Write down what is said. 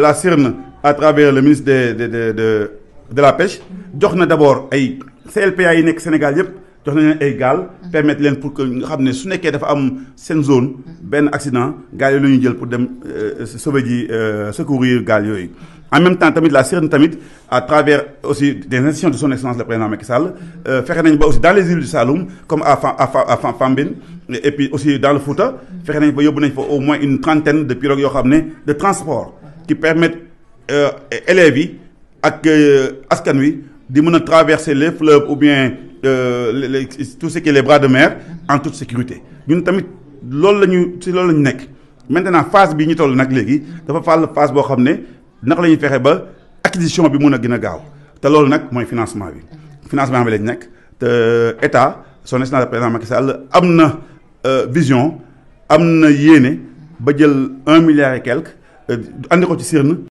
la CIRN à travers le ministre de de de de de la pêche jox na d' abord ay CLPA yu nekk Sénégal yëpp jox nañ leen ay gaal. permettre leen pour que nga xam ne su nekkee dafa am seen zone. benn accident gaal yooyu lu ñu jël pour dem euh, sauver ji euh, secourir gaal yooyu. en même temps tamit la CIRN tamit à travers aussi des institutions de son excellence le président Macky Sall euh, fexe nañ ba aussi dans les îles du Saloum comme à à Fambine et puis aussi dans le Fouta fexe nañ ba yóbbu nañ fa au moins une trentaine de yoo xam ne de qui permettent euh, élèves yi ak euh, askan wi di mën a traverser les fleuves ou bien euh, les tout ce qui est les bras de mer en tout sécurité ñun tamit loolu la ñu si lool lañu nekk. maintenant phase bi ñu toll nag léegi dafa fàll phase boo xam ne naka la ñuy fexe ba acquisition bi mun a gën a gaaw te loolu nag mooy financement bi financement bi lañ nekk te état son excellence président Macky Sall am na vision am na yéene ba jël un milliard et quelque. andi ko ci seen